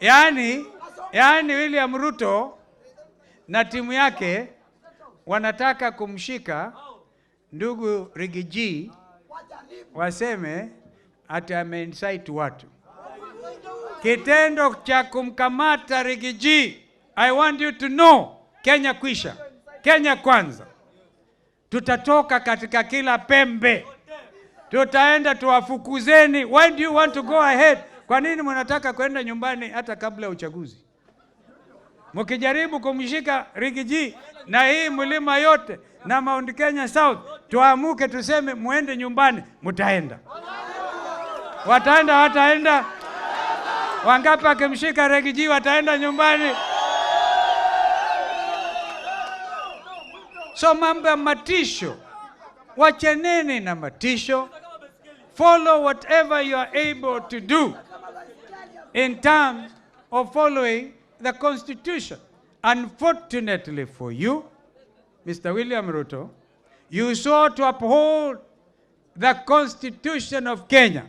Yaani, yaani William Ruto na timu yake wanataka kumshika ndugu Rigiji waseme ati ameinsaiti watu. Kitendo cha kumkamata Rigiji, I want you to know, Kenya kwisha, Kenya kwanza. Tutatoka katika kila pembe, tutaenda tuwafukuzeni. Why do you want to go ahead kwa nini mnataka kwenda nyumbani hata kabla ya uchaguzi? Mkijaribu kumshika Rigiji na hii mlima yote na Mount Kenya South, tuamuke tuseme muende nyumbani, mtaenda. Wataenda? Wataenda? Wangapi akimshika Rigiji wataenda nyumbani? So mambo ya matisho, wacheneni na matisho. Follow whatever you are able to do. in terms of following the Constitution. Unfortunately for you, Mr. William Ruto, you sought to uphold the Constitution of Kenya.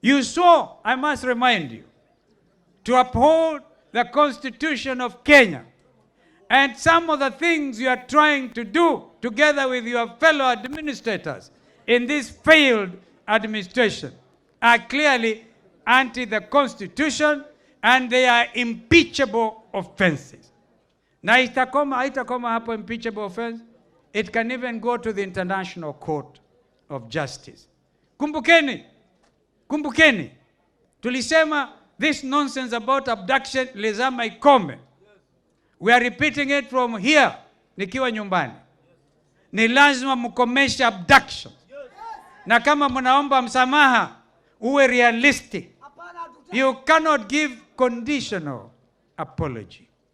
You saw, I must remind you, to uphold the Constitution of Kenya. And some of the things you are trying to do together with your fellow administrators in this failed administration are clearly anti the constitution and they are impeachable offenses. Na itakoma haitakoma hapo impeachable offense, it can even go to the International Court of Justice. Kumbukeni, kumbukeni tulisema this nonsense about abduction lazima ikome. We are repeating it from here, nikiwa nyumbani. Ni lazima mkomeshe abduction, na kama mnaomba msamaha uwe realistic You cannot give conditional apology.